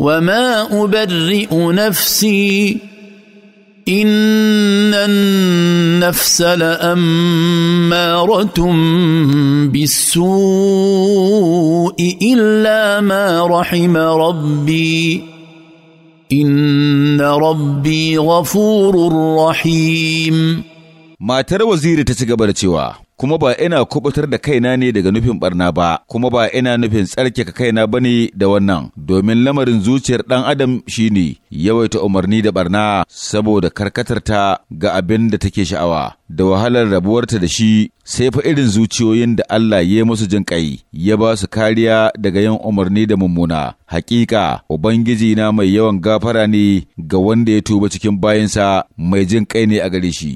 وما ابرئ نفسي ان النفس لاماره بالسوء الا ما رحم ربي ان ربي غفور رحيم Matar waziri ta ci gaba da cewa, kuma ba ina kubutar da kaina ne daga nufin barna ba, kuma ba ina nufin tsarkake kaina ba ne da wannan, domin lamarin zuciyar ɗan adam shi ne, yawaita umarni da barna saboda karkatarta ga abin da take sha'awa, da wahalar rabuwarta da shi sai fa irin zuciyoyin da Allah ya musu jin ƙai, ya ba su kariya daga yin umarni da mummuna. Hakika, Ubangiji na mai yawan gafara ne ga wanda ya tuba cikin bayansa mai jin ƙai ne a gare shi.